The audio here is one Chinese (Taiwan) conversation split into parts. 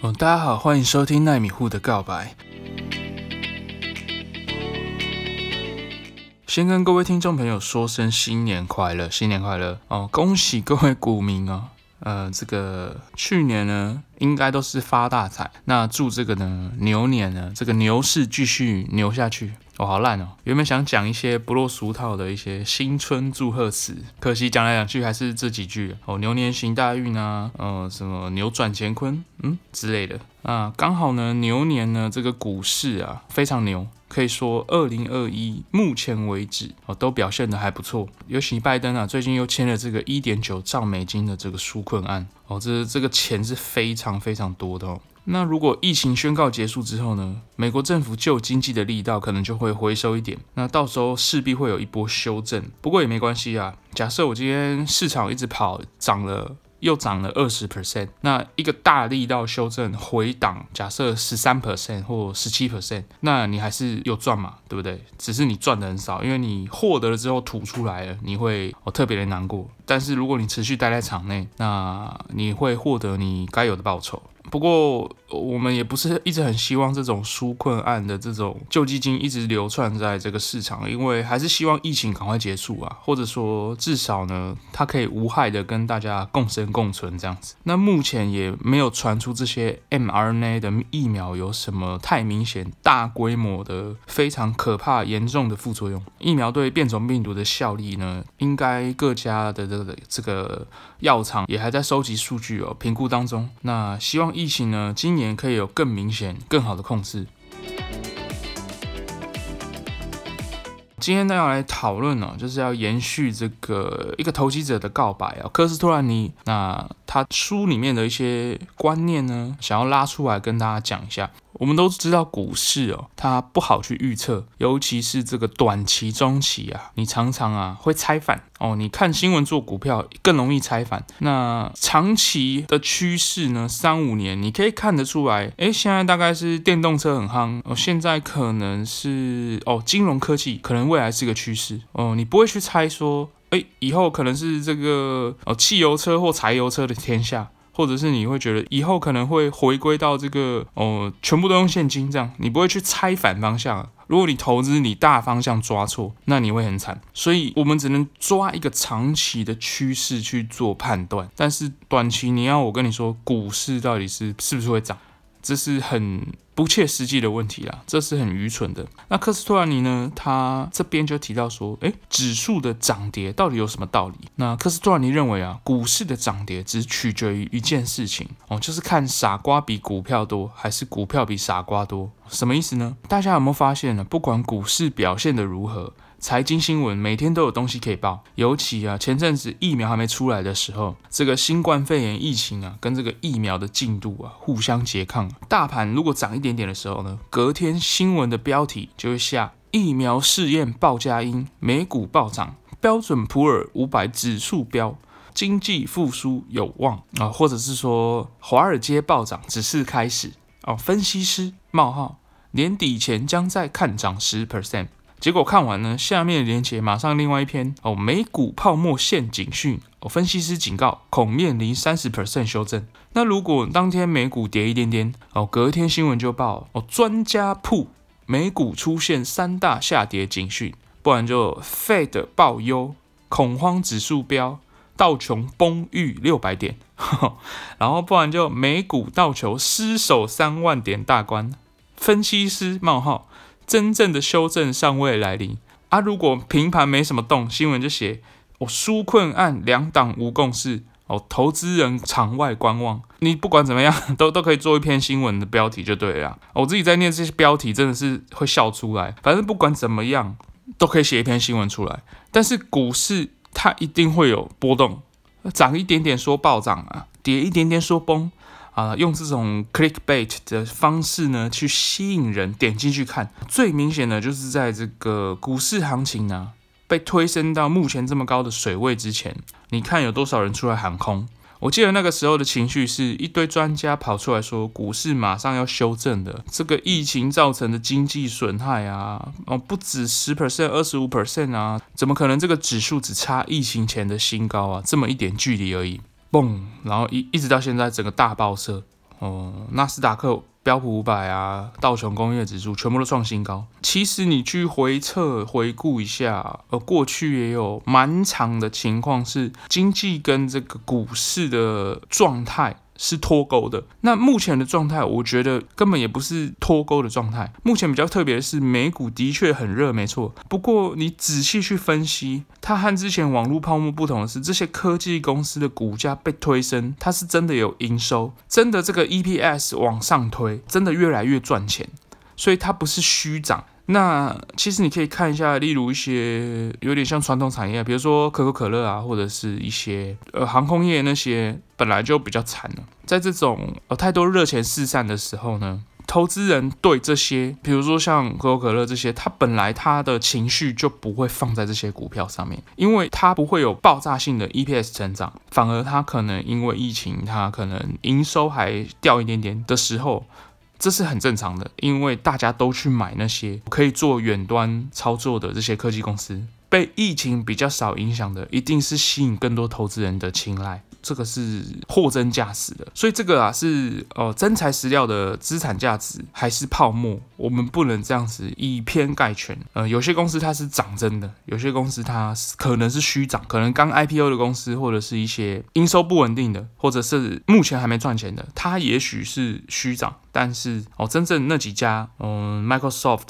哦，大家好，歡迎收聽奈米戶的告白。先跟各位聽眾朋友說聲新年快樂，新年快樂哦，恭喜各位股民哦，呃，這個去年呢，應該都是發大財，那祝這個呢牛年呢，這個牛市繼續牛下去。我、哦、好爛哦，原本想講一些不落俗套的一些新春祝賀詞，可惜講來講去兩句還是這幾句哦，牛年行大運啊，呃，什麼牛轉乾坤，嗯、之類的啊。剛好呢，牛年呢這個股市啊非常牛，可以說二零二一目前為止哦都表現得還不錯，尤其拜登啊最近又簽了這個一點九兆美金的這個紓困案哦，這這個錢是非常非常多的哦。那如果疫情宣告結束之後呢，美國政府救經濟的力道可能就會回收一點，那到時候勢必會有一波修正。不過也沒關係啊。假設我今天市場一直跑，漲了，又漲了二十 percent，那一個大力道修正回檔，假設十三 percent 或十七 percent，那你還是又賺嘛，對不對？只是你賺的很少，因為你獲得了之後吐出來了，你會哦特別的難過。但是如果你持續待在場內，那你會獲得你該有的報酬。不過我們也不是一直很希望這種紓困案的這種救濟金一直流竄在這個市場，因為還是希望疫情趕快結束啊，或者說至少呢，它可以無害的跟大家共生共存這樣子。那目前也沒有傳出這些 mRNA 的疫苗有什麼太明顯、大規模的非常可怕、嚴重的副作用。疫苗對變種病毒的效力呢，應該各家的這個這個藥廠也還在收集數據哦，評估當中。那希望。疫情呢，今年可以有更明顯、更好的控制。今天呢，要來討論呢，就是要延續這個一個投機者的告白啊，科斯托蘭尼那。他書裡面的一些觀念呢，想要拉出來跟大家講一下。我們都知道股市哦，它不好去預測，尤其是這個短期、中期啊，你常常啊會猜反哦。你看新聞做股票更容易猜反。那長期的趨勢呢，三五年你可以看得出來，誒，現在大概是電動車很夯哦，現在可能是哦，金融科技，可能未來是一個趨勢哦，你不會去猜說。哎、欸，以後可能是這個哦，汽油車或柴油車的天下，或者是你會覺得以後可能會回歸到這個哦、呃，全部都用現金這樣，你不會去猜反方向。如果你投資，你大方向抓錯，那你會很慘。所以，我們只能抓一個長期的趨勢去做判斷，但是短期你要我跟你說，股市到底是是不是會漲？這是很。不切實際的問題啦，這是很愚蠢的。那科斯托蘭尼呢？他這邊就提到說，誒，指數的漲跌到底有什麼道理？那科斯托蘭尼認為啊，股市的漲跌只取決於一件事情哦，就是看傻瓜比股票多還是股票比傻瓜多。什麼意思呢？大家有沒有發現呢？不管股市表現得如何。財經新聞每天都有東西可以報，尤其啊，前陣子疫苗還沒出來的時候，這個新冠肺炎疫情啊，跟這個疫苗的進度啊互相拮抗。大盤如果漲一點點的時候呢，隔天新聞的標題就會下疫苗試驗爆佳音，美股暴漲，標準普爾五百指數標經濟復甦有望啊，或者是說華爾街暴漲只是開始哦、啊，分析師冒號年底前將再看漲十 percent。結果看完呢，下面連接，馬上另外一篇哦，美股泡沫現警訊，哦，分析師警告恐面臨三十 percent 修正。那如果當天美股跌一點點，哦，隔天新聞就報哦，專家曝美股出現三大下跌警訊，不然就 Fed 報憂，恐慌指數飆，道瓊崩逾六百點呵呵，然後不然就美股道瓊失守三萬點大關，分析師冒號。真正的修正尚未來臨啊！如果平盤沒什麼動，新聞就寫：我、哦、紓困案兩黨無共識，哦，投資人場外觀望。你不管怎麼樣，都都可以做一篇新聞的標題就對了、哦。我自己在念這些標題，真的是會笑出來。反正不管怎麼樣，都可以寫一篇新聞出來。但是股市它一定會有波動，漲一點點說暴漲啊，跌一點點說崩。啊，用這種 clickbait 的方式呢，去吸引人點進去看。最明顯的就是在這個股市行情呢、啊，被推升到目前這麼高的水位之前，你看有多少人出來喊空？我記得那個時候的情緒是，一堆專家跑出來說股市馬上要修正的。這個疫情造成的經濟損害啊，哦，不止十 percent、二十五 percent 啊，怎麼可能這個指數只差疫情前的新高啊，這麼一點距離而已？嘣，然後一一直到現在，整個大報社，哦、呃，納斯達克、標普五百啊、道瓊工業指數，全部都創新高。其實你去回測、回顧一下，呃，過去也有蠻長的情況是經濟跟這個股市的狀態。是脫鈎的。那目前的狀態，我覺得根本也不是脫鈎的狀態。目前比較特別的是，美股的確很熱，沒錯。不過你仔細去分析，它和之前網絡泡沫不同的是，這些科技公司的股價被推升，它是真的有營收，真的這個 EPS 往上推，真的越來越賺錢，所以它不是虛漲。那其實你可以看一下，例如一些有點像傳統產業，比如說可口可樂啊，或者是一些呃航空業那些本來就比較慘了。在這種呃太多熱錢四散的時候呢，投資人對這些，比如說像可口可樂這些，他本來他的情緒就不會放在這些股票上面，因為它不會有爆炸性的 EPS 成長，反而它可能因為疫情，它可能營收還掉一點點的時候。這是很正常的，因為大家都去買那些可以做遠端操作的這些科技公司，被疫情比較少影響的，一定是吸引更多投資人的青睞。這個是貨真價實的，所以這個啊是哦、呃，真材實料的資產價值還是泡沫？我們不能這樣子以偏概全。呃，有些公司它是漲真的，有些公司它可能是虛漲，可能剛 IPO 的公司或者是一些營收不穩定的，或者是目前還沒賺錢的，它也許是虛漲。但是哦，真正那幾家，嗯、呃，Microsoft、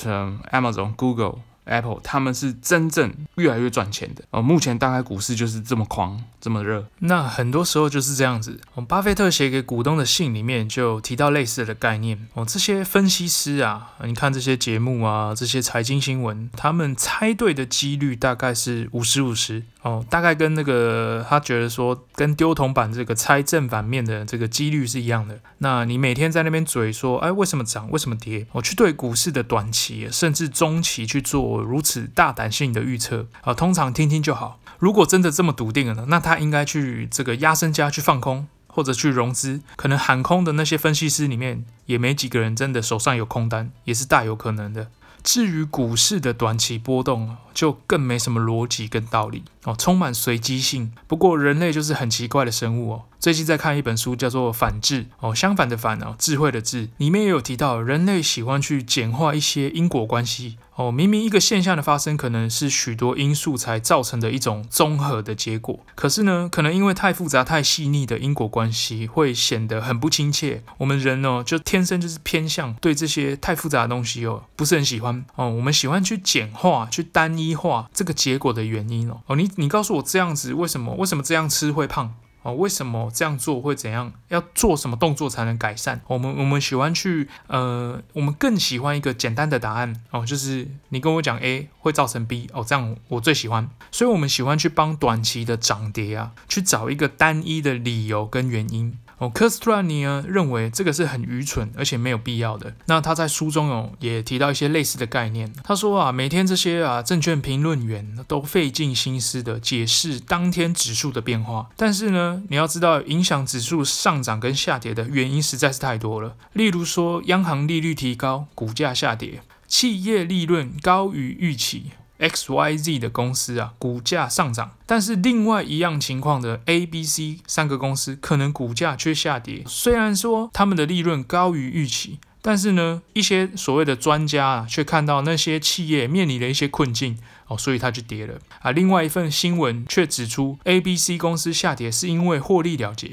Amazon、Google。Apple，他們是真正越來越賺錢的哦。目前大概股市就是這麼狂，這麼熱。那很多時候就是這樣子。哦，巴菲特寫給股東的信裡面就提到類似的概念。哦，這些分析師啊，你看這些節目啊，這些財經新聞，他們猜對的幾率大概是五十五十哦，大概跟那個他覺得說，跟丟銅板這個猜正反面的這個幾率是一樣的。那你每天在那邊嘴說，哎，為什麼漲？為什麼跌？我、哦、去對股市的短期甚至中期去做如此大膽性的預測啊，通常聽聽就好。如果真的這麼篤定了呢，那他應該去這個押身家去放空，或者去融資。可能喊空的那些分析師裡面也沒幾個人真的手上有空單，也是大有可能的。至於股市的短期波動，就更沒什麼邏輯跟道理。哦，充滿隨機性。不過人類就是很奇怪的生物哦。最近在看一本書，叫做《反智》哦，相反的反哦，智慧的智。裡面也有提到，人類喜歡去簡化一些因果關係哦。明明一個現象的發生，可能是許多因素才造成的一種綜合的結果。可是呢，可能因為太複雜、太細膩的因果關係，會顯得很不親切。我們人哦，就天生就是偏向對這些太複雜的東西哦，不是很喜歡哦。我們喜歡去簡化、去單一化這個結果的原因哦。哦，你。你告訴我這樣子為什麼？為什麼這樣吃會胖？哦，為什麼這樣做會怎樣？要做什麼動作才能改善？我們我們喜歡去，呃，我們更喜歡一個簡單的答案哦，就是你跟我講 A 會造成 B 哦，這樣我最喜歡。所以我們喜歡去幫短期的漲跌啊，去找一個單一的理由跟原因。哦，科斯托蘭尼呢、啊、認為這個是很愚蠢，而且沒有必要的。那他在書中哦也提到一些類似的概念。他說啊，每天這些啊證券評論員都費盡心思的解釋當天指數的變化，但是呢，你要知道影響指數上漲跟下跌的原因實在是太多了。例如說，央行利率提高，股價下跌；企業利潤高於預期。X Y Z 的公司啊，股價上漲，但是另外一樣情況的 A B C 三個公司可能股價卻下跌。雖然說他們的利潤高於預期，但是呢，一些所謂的專家啊，卻看到那些企業面臨了一些困境哦，所以它就跌了啊。另外一份新聞卻指出，A B C 公司下跌是因為獲利了結，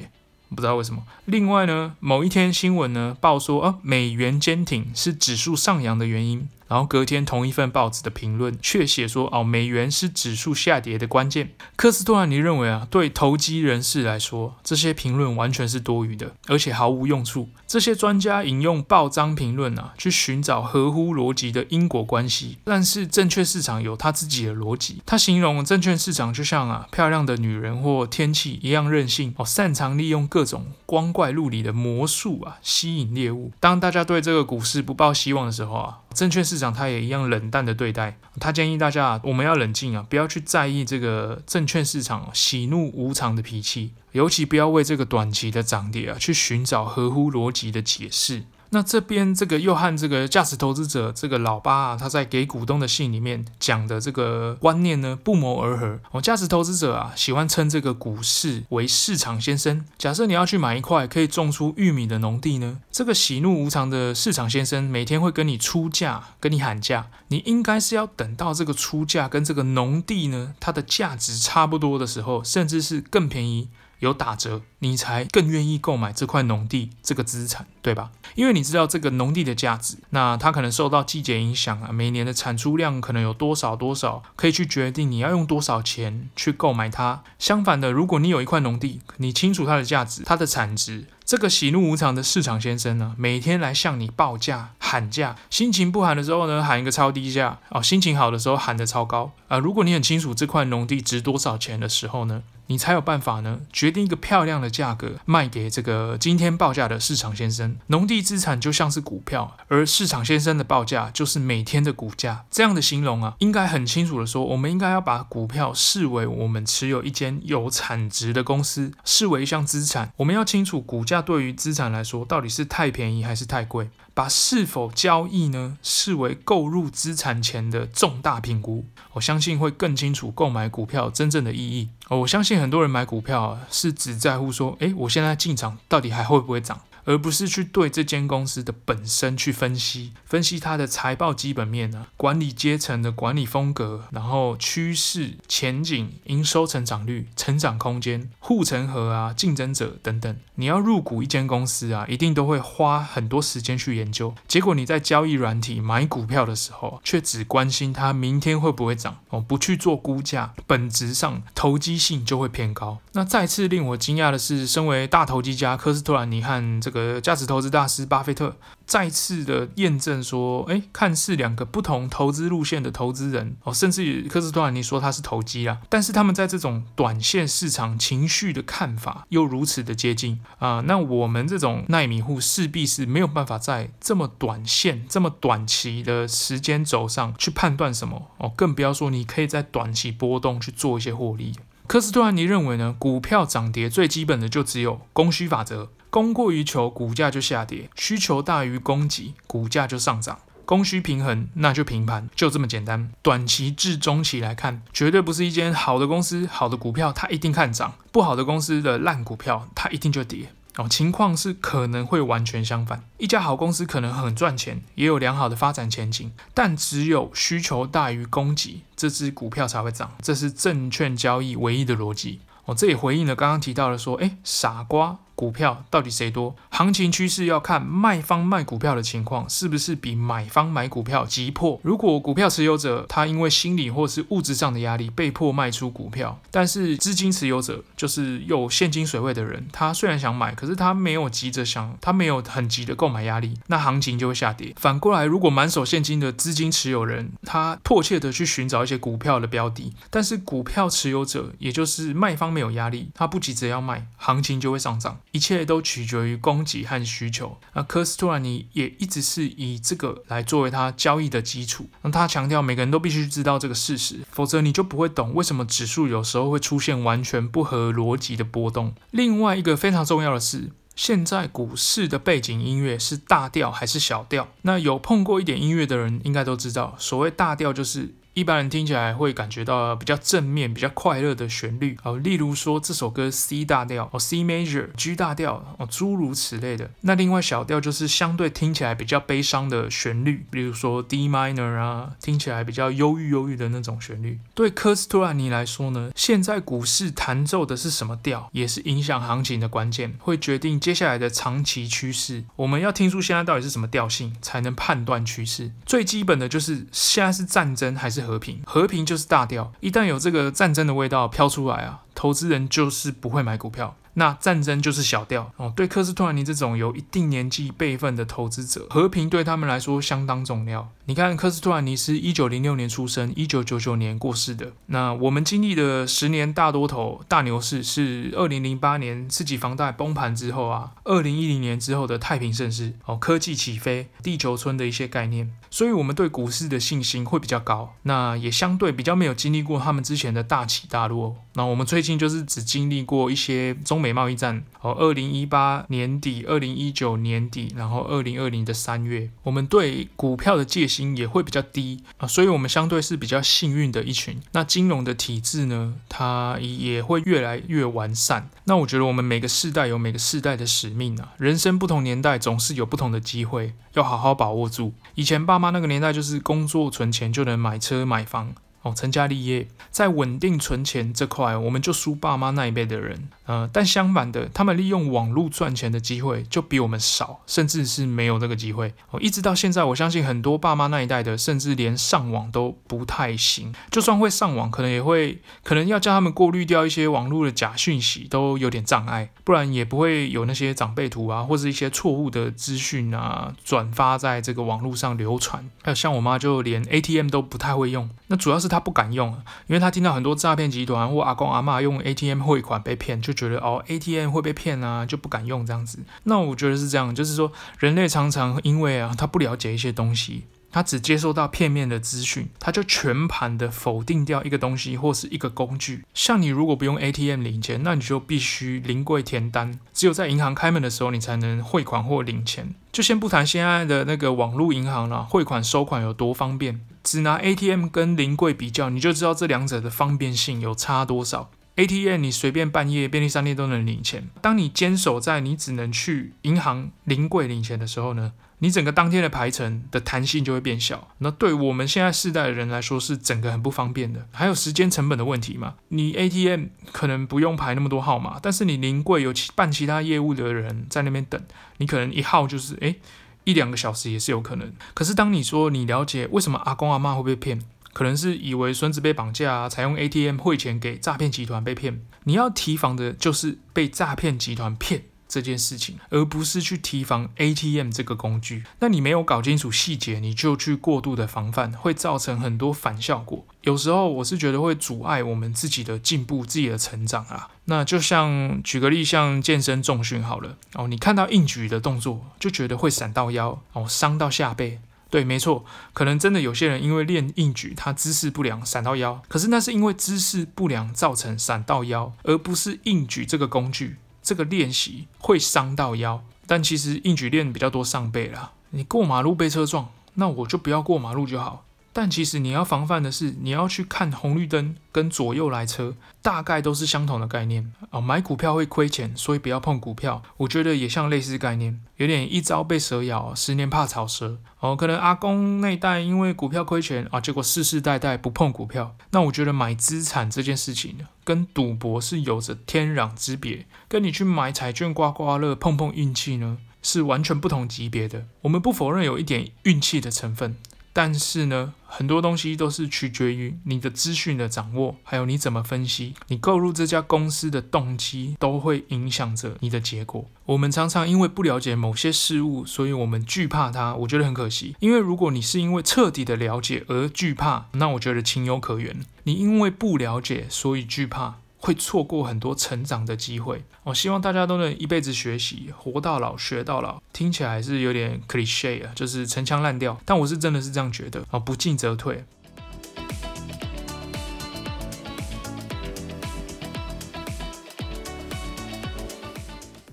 不知道為什麼。另外呢，某一天新聞呢報說，啊，美元堅挺是指數上揚的原因。然後隔天同一份報紙的評論卻寫說：“哦，美元是指數下跌的關鍵。”科斯托蘭尼認為啊，對投機人士來說，這些評論完全是多餘的，而且毫無用處。這些專家引用報章評論啊，去尋找合乎邏輯的因果關係，但是證券市場有他自己的邏輯。他形容證券市場就像啊漂亮的女人或天氣一樣任性哦，擅長利用各種光怪陸離的魔術啊，吸引獵物。當大家對這個股市不抱希望的時候啊。證券市場，他也一樣冷淡的對待。他建議大家，我們要冷靜啊，不要去在意這個證券市場喜怒無常的脾氣，尤其不要為這個短期的漲跌啊去尋找合乎邏輯的解釋。那這邊這個又和這個價值投資者這個老巴啊，他在給股東的信裡面講的這個觀念呢不謀而合。我價值投資者啊，喜歡稱這個股市為市場先生。假設你要去買一塊可以種出玉米的農地呢，這個喜怒無常的市場先生每天會跟你出價，跟你喊價。你應該是要等到這個出價跟這個農地呢，它的價值差不多的時候，甚至是更便宜。有打折，你才更願意購買這塊農地這個資產，對吧？因為你知道這個農地的價值，那它可能受到季節影響啊，每年的產出量可能有多少多少，可以去決定你要用多少錢去購買它。相反的，如果你有一塊農地，你清楚它的價值、它的產值，這個喜怒無常的市場先生呢、啊，每天來向你報價喊價，心情不好的時候呢，喊一個超低價哦，心情好的時候喊得超高啊、呃。如果你很清楚這塊農地值多少錢的時候呢，你才有辦法呢，決定一個漂亮的價格賣給這個今天報價的市場先生。農地資產就像是股票，而市場先生的報價就是每天的股價。這樣的形容啊，應該很清楚的說，我們應該要把股票視為我們持有一間有產值的公司，視為一項資產。我們要清楚股價對於資產來說到底是太便宜還是太貴。把是否交易呢，視為購入資產前的重大評估。我相信會更清楚購買股票真正的意義。哦，我相信很多人買股票啊是只在乎說：誒、欸，我現在進場到底還會不會漲？而不是去對這間公司的本身去分析，分析它的財報基本面啊、管理階層的管理風格，然後趨勢前景、營收成長率、成長空間、護城河啊、競爭者等等。你要入股一間公司啊，一定都會花很多時間去研究。結果你在交易軟體買股票的時候，卻只關心它明天會不會漲，哦，不去做估價，本質上投機性就會偏高。那再次令我驚訝的是，身為大投機家科斯托蘭尼漢這個。呃，價值投資大師巴菲特再次的驗證說，哎、欸，看似兩個不同投資路線的投資人哦，甚至於科斯托蘭尼說他是投機啊，但是他們在這種短線市場情緒的看法又如此的接近啊、呃，那我們這種奈米戶勢必是沒有辦法在這麼短線、這麼短期的時間軸上去判斷什麼哦，更不要說你可以在短期波動去做一些獲利。科斯托蘭尼認為呢，股票漲跌最基本的就只有供需法則，供過於求，股價就下跌；需求大於供給，股價就上漲。供需平衡，那就平盤，就這麼簡單。短期至中期來看，絕對不是一間好的公司、好的股票，它一定看漲；不好的公司的爛股票，它一定就跌。哦，情況是可能會完全相反。一家好公司可能很賺錢，也有良好的發展前景，但只有需求大於供給，這支股票才會漲。這是證券交易唯一的邏輯。哦，這也回應了剛剛提到的說，哎，傻瓜。股票到底誰多？行情趨勢要看賣方賣股票的情況是不是比買方買股票急迫。如果股票持有者他因為心理或是物質上的壓力被迫賣出股票，但是資金持有者就是有現金水位的人，他雖然想買，可是他沒有急着想，他沒有很急的購買壓力，那行情就會下跌。反過來，如果滿手現金的資金持有人他迫切的去尋找一些股票的標的，但是股票持有者也就是賣方沒有壓力，他不急着要賣，行情就會上漲。一切都取決於供給和需求。那科斯托蘭尼也一直是以這個來作為他交易的基礎。那他強調，每個人都必須知道這個事實，否則你就不會懂為什麼指數有時候會出現完全不合邏輯的波動。另外一個非常重要的是，現在股市的背景音樂是大調還是小調？那有碰過一點音樂的人應該都知道，所謂大調就是。一般人聽起來會感覺到比較正面、比較快樂的旋律，哦，例如說這首歌 C 大調哦，C Major、G 大調哦，諸如此類的。那另外小調就是相對聽起來比較悲傷的旋律，比如說 D Minor 啊，聽起來比較憂鬱、憂鬱的那種旋律。對科斯托蘭尼來說呢，現在股市彈奏的是什麼調，也是影響行情的關鍵，會決定接下來的長期趨勢。我們要聽出現在到底是什麼調性，才能判斷趨勢。最基本的就是現在是戰爭還是？和平，和平就是大調。一旦有這個戰爭的味道飄出來啊，投資人就是不會買股票。那戰爭就是小調哦，對科斯托蘭尼這種有一定年紀輩分的投資者，和平對他們來說相當重要。你看，科斯托蘭尼是一九零六年出生，一九九九年過世的。那我們經歷的十年大多頭大牛市是二零零八年次級房貸崩盤之後啊，二零一零年之後的太平盛世哦，科技起飛，地球村的一些概念，所以我們對股市的信心會比較高，那也相對比較沒有經歷過他們之前的大起大落。那我們最近就是只經歷過一些中美貿易戰，然後二零一八年底、二零一九年底，然後二零二零的三月，我們對股票的戒心也會比較低啊，所以我們相對是比較幸運的一群。那金融的體制呢，它也也會越來越完善。那我覺得我們每個世代有每個世代的使命啊，人生不同年代總是有不同的機會，要好好把握住。以前爸媽那個年代就是工作存錢就能買車買房。哦，成家立業，在穩定存錢這塊，我們就輸爸媽那一輩的人，呃，但相反的，他們利用網絡賺錢的機會就比我們少，甚至是沒有這個機會。哦，一直到現在，我相信很多爸媽那一代的，甚至連上網都不太行，就算會上網，可能也會，可能要叫他們過濾掉一些網絡的假訊息，都有點障礙，不然也不會有那些長輩圖啊，或是一些錯誤的資訊啊，轉發在這個網絡上流傳。還有像我媽，就連 ATM 都不太會用，那主要是她。他不敢用，因為他聽到很多詐騙集團或阿公阿嬤用 ATM 匯款被騙，就覺得哦 ATM 會被騙啊，就不敢用這樣子。那我覺得是這樣，就是說人類常常因為啊，他不了解一些東西。他只接受到片面的資訊，他就全盤的否定掉一個東西或是一個工具。像你如果不用 ATM 領錢，那你就必須臨櫃填單，只有在銀行開門的時候你才能匯款或領錢。就先不談現在的那個網絡銀行了啊，匯款收款有多方便，只拿 ATM 跟臨櫃比較，你就知道這兩者的方便性有差多少。ATM 你隨便半夜便利商店都能領錢。當你堅守在你只能去銀行臨櫃領錢的時候呢，你整個當天的排程的彈性就會變小。那對我們現在世代的人來說是整個很不方便的，還有時間成本的問題嘛。你 ATM 可能不用排那麼多號碼，但是你臨櫃有其辦其他業務的人在那邊等，你可能一號就是誒、欸、一兩個小時也是有可能。可是當你說你了解為什麼阿公阿嬤會被騙？可能是以為孫子被綁架，才用 ATM 匯錢給詐騙集團被騙。你要提防的就是被詐騙集團騙這件事情，而不是去提防 ATM 這個工具。那你沒有搞清楚細節，你就去過度的防範，會造成很多反效果。有時候我是覺得會阻礙我們自己的進步、自己的成長啊。那就像舉個例，像健身重訓好了，哦，你看到硬舉的動作就覺得會閃到腰，哦，傷到下背。對，沒錯，可能真的有些人因為練硬舉，他姿勢不良，閃到腰。可是那是因為姿勢不良造成閃到腰，而不是硬舉這個工具、這個練習會傷到腰。但其實硬舉練比較多上背啦。你過馬路被車撞，那我就不要過馬路就好。但其實你要防範的是，你要去看紅綠燈跟左右來車，大概都是相同的概念啊。哦，買股票會虧錢，所以不要碰股票。我覺得也像類似概念，有點一朝被蛇咬，十年怕草蛇。哦，可能阿公那代因為股票虧錢啊，結果世世代代不碰股票。那我覺得買資產這件事情跟賭博是有着天壤之別，跟你去買彩券刮刮樂碰碰運氣呢，是完全不同級別的。我們不否認有一點運氣的成分。但是呢，很多東西都是取決於你的資訊的掌握，還有你怎麼分析，你購入這家公司的動機都會影響着你的結果。我們常常因為不了解某些事物，所以我們懼怕它。我覺得很可惜，因為如果你是因為徹底的了解而懼怕，那我覺得情有可原。你因為不了解，所以懼怕。會錯過很多成長的機會。我希望大家都能一輩子學習，活到老，學到老。聽起來還是有點 cliché 啊，就是陳腔濫調。但我是真的是這樣覺得啊，不進則退。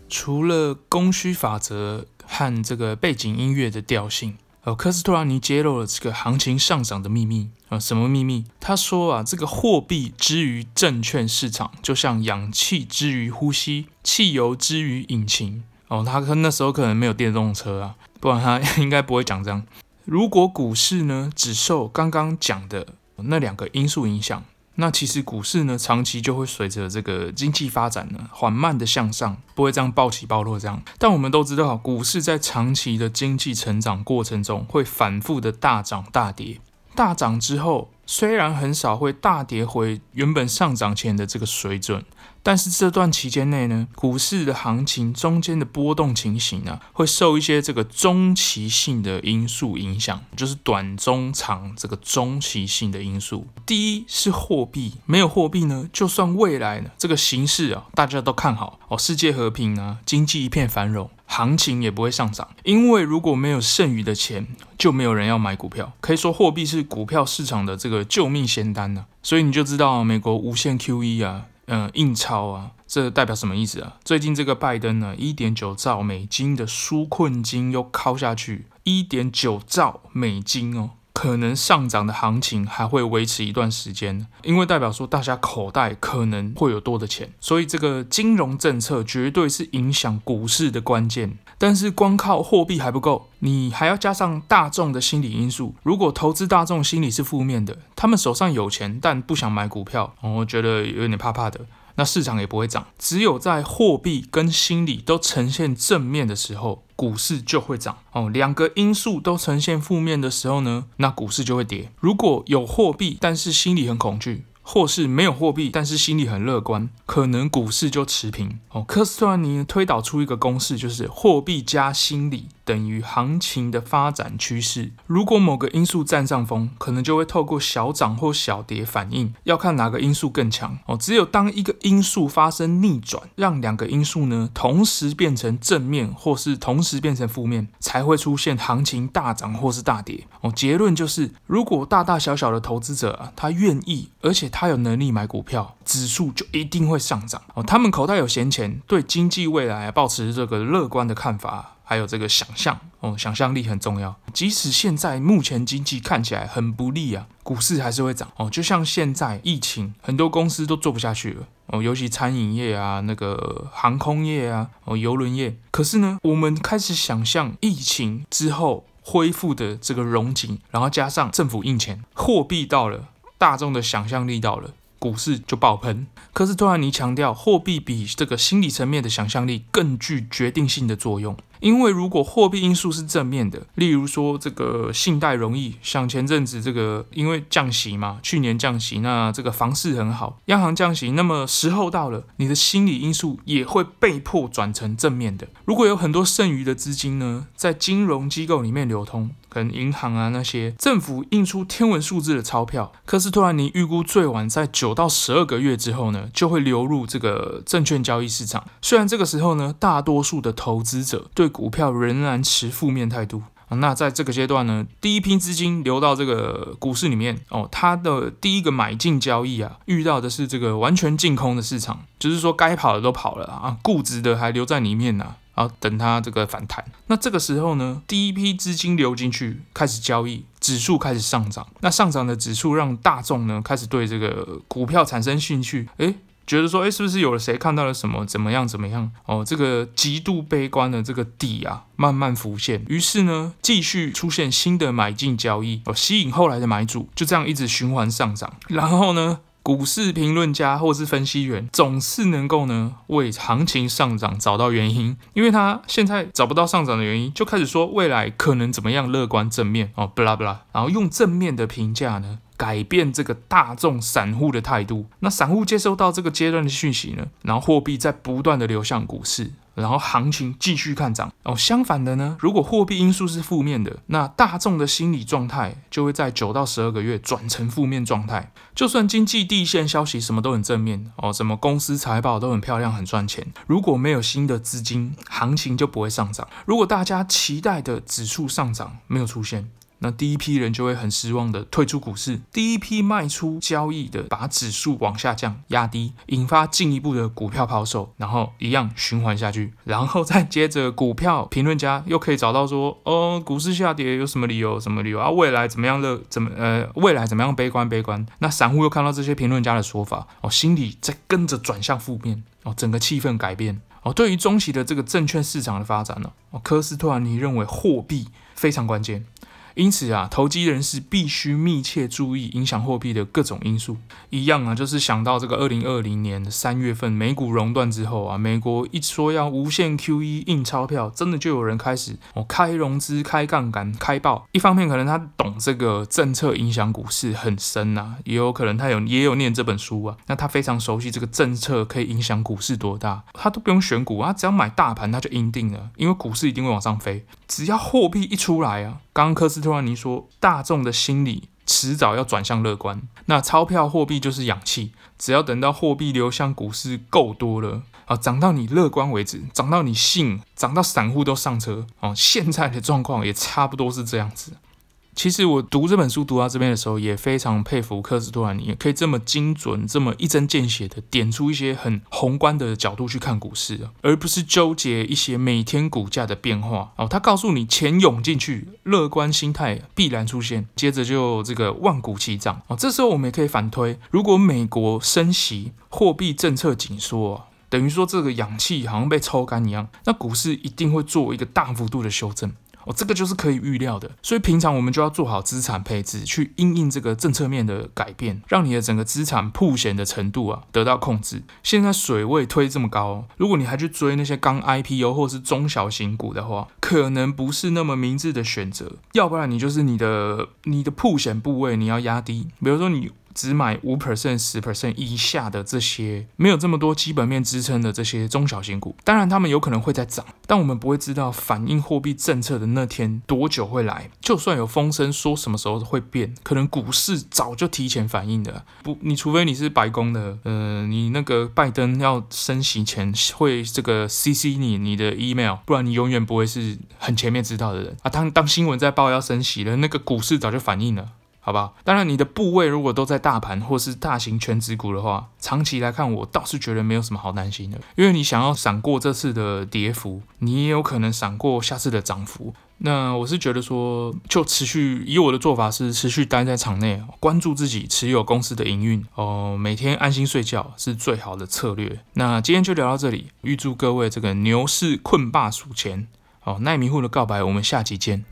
除了供需法則和這個背景音樂的調性。呃，科斯托蘭尼揭露了這個行情上漲的秘密啊，什麼秘密？他說啊，這個貨幣之於證券市場，就像氧氣之於呼吸，汽油之於引擎。哦，他可那時候可能沒有電動車啊，不然他應該不會講這樣。如果股市呢，只受剛剛講的那兩個因素影響。那其實股市呢，長期就會隨着這個經濟發展呢，緩慢的向上，不會這樣暴起暴落這樣。但我們都知道，股市在長期的經濟成長過程中，會反復的大漲大跌。大漲之後，雖然很少會大跌回原本上漲前的這個水準。但是這段期間內呢，股市的行情中間的波動情形呢，會受一些這個中期性的因素影響，就是短、中、長這個中期性的因素。第一是貨幣，沒有貨幣呢，就算未來呢這個形勢啊，大家都看好哦，世界和平啊，經濟一片繁榮，行情也不會上漲。因為如果沒有剩餘的錢，就沒有人要買股票。可以說，貨幣是股票市場的這個救命仙丹呢。所以你就知道，美國無限 QE 啊。嗯，印鈔啊，這代表什麼意思啊？最近這個拜登呢，一點九兆美金的紓困金又靠下去，一點九兆美金哦。可能上漲的行情還會維持一段時間，因為代表說大家口袋可能會有多的錢，所以這個金融政策絕對是影響股市的關鍵。但是光靠貨幣還不夠，你還要加上大眾的心理因素。如果投資大眾心理是負面的，他們手上有錢但不想買股票，我覺得有點怕怕的，那市場也不會漲。只有在貨幣跟心理都呈現正面的時候。股市就會漲哦。兩個因素都呈現負面的時候呢，那股市就會跌。如果有貨幣，但是心裡很恐懼，或是沒有貨幣，但是心裡很樂觀，可能股市就持平哦。科斯托蘭尼推導出一個公式，就是貨幣加心理，等於行情的發展趨勢。如果某個因素占上風，可能就會透過小漲或小跌反映，要看哪個因素更強哦。只有當一個因素發生逆轉，讓兩個因素呢同時變成正面，或是同時變成負面，才會出現行情大漲或是大跌哦。結論就是，如果大大小小的投資者他願意，而且他有能力買股票，指數就一定會上漲哦。他們口袋有閒錢，對經濟未來抱持這個樂觀的看法。還有這個想象哦，想象力很重要。即使現在目前經濟看起來很不利啊，股市還是會漲哦。就像現在疫情，很多公司都做不下去了哦，尤其餐飲業啊、那個航空業啊、哦郵輪業。可是呢，我們開始想象疫情之後恢復的這個榮景，然後加上政府印錢，貨幣到了，大眾的想象力到了，股市就爆棚。可是托蘭尼強調，貨幣比這個心理層面的想象力更具決定性的作用。因為如果貨幣因素是正面的，例如說這個信貸容易，像前陣子這個因為降息嘛，去年降息，那這個房市很好，央行降息，那麼時候到了，你的心理因素也會被迫轉成正面的。如果有很多剩餘的資金呢，在金融機構裡面流通。跟銀行啊，那些政府印出天文數字的鈔票，科斯托蘭尼預估最晚在九到十二個月之後呢，就會流入這個證券交易市場。雖然這個時候呢，大多數的投資者對股票仍然持負面態度。那在這個階段呢，第一批資金流到這個股市裡面哦，他的第一個買進交易啊，遇到的是這個完全淨空的市場，就是說該跑的都跑了啊，固執的還留在裡面呢，啊。等它這個反彈，那這個時候呢，第一批資金流進去，開始交易，指數開始上漲。那上漲的指數讓大眾呢開始對這個股票產生興趣，誒覺得說，誒是不是有了誰看到了什麼，怎麼樣怎麼樣？哦，這個極度悲觀的這個底啊，慢慢浮現。於是呢，繼續出現新的買進交易，哦，吸引後來的買主，就這樣一直循環上漲。然後呢，股市評論家或是分析員，總是能夠呢為行情上漲找到原因，因為他現在找不到上漲的原因，就開始說未來可能怎麼樣樂觀正面哦，巴拉巴拉，然後用正面的評價呢改變這個大眾散戶的態度。那散戶接收到這個階段的訊息呢，然後貨幣在不斷的流向股市。然後行情繼續看漲哦。相反的呢，如果貨幣因素是負面的，那大眾的心理狀態就會在九到十二個月轉成負面狀態。就算經濟第一線消息什麼都很正面哦，什麼公司財報都很漂亮很賺錢，如果沒有新的資金，行情就不會上漲。如果大家期待的指數上漲沒有出現，那第一批人就會很失望的退出股市，第一批賣出交易的，把指數往下降壓低，引發進一步的股票拋售，然後一樣循環下去，然後再接着股票評論家又可以找到說，哦，股市下跌有什麼理由？什麼理由啊？未來怎麼樣了？怎麼呃，未來怎麼樣？悲觀悲觀。那散戶又看到這些評論家的說法，哦，心裡在跟着轉向負面，哦，整個氣氛改變。哦，對於中期的這個證券市場的發展呢，哦，科斯托蘭尼認為貨幣非常關鍵。因此啊，投機人士必須密切注意影響貨幣的各種因素。一樣啊，就是想到這個二零二零年三月份美股熔斷之後啊，美國一直說要無限 QE 印鈔票，真的就有人開始我、哦、開融資、開槓桿、開爆。一方面可能他懂這個政策影響股市很深吶、啊，也有可能他有也有念這本書啊，那他非常熟悉這個政策可以影響股市多大，他都不用選股啊，他只要買大盤他就贏定了，因為股市一定會往上飛。只要貨幣一出來啊，剛剛科斯托蘭尼說，大眾的心理遲早要轉向樂觀。那鈔票貨幣就是氧氣，只要等到貨幣流向股市夠多了啊，漲到你樂觀為止，漲到你信，漲到散戶都上車哦、啊。現在的狀況也差不多是這樣子。其實我讀這本書讀到這邊的時候，也非常佩服科斯托蘭尼，也可以這麼精準、這麼一針見血地點出一些很宏觀的角度去看股市，而不是糾結一些每天股價的變化。哦，他告訴你錢湧進去，樂觀心態必然出現，接着就這個萬股齊漲。哦，這時候我們也可以反推，如果美國升息、貨幣政策緊縮，等於說這個氧氣好像被抽乾一樣，那股市一定會做一個大幅度的修正。哦，這個就是可以預料的，所以平常我們就要做好資產配置，去因應這個政策面的改變，讓你的整個資產曝險的程度啊得到控制。現在水位推這麼高，哦，如果你還去追那些剛 IPO 或是中小型股的話，可能不是那麼明智的選擇。要不然你就是你的你的曝險部位你要壓低，比如說你。只買五 percent、十 percent 以下的這些沒有這麼多基本面支撐的這些中小型股，當然他們有可能會再漲，但我們不會知道反映貨幣政策的那天多久會來。就算有風聲說什麼時候會變，可能股市早就提前反應了。不，你除非你是白宮的，呃，你那個拜登要升息前會這個 cc 你你的 email，不然你永遠不會是很前面知道的人啊。當當新聞在報要升息了，那個股市早就反應了。好吧，當然你的部位如果都在大盤或是大型權值股的話，長期來看我倒是覺得沒有什麼好擔心的，因為你想要閃過這次的跌幅，你也有可能閃過下次的漲幅。那我是覺得說，就持續以我的做法是持續待在場內，關注自己持有公司的營運哦，每天安心睡覺是最好的策略。那今天就聊到這裡，預祝各位這個牛市睏霸數錢哦，奈米戶的告白，我們下集見。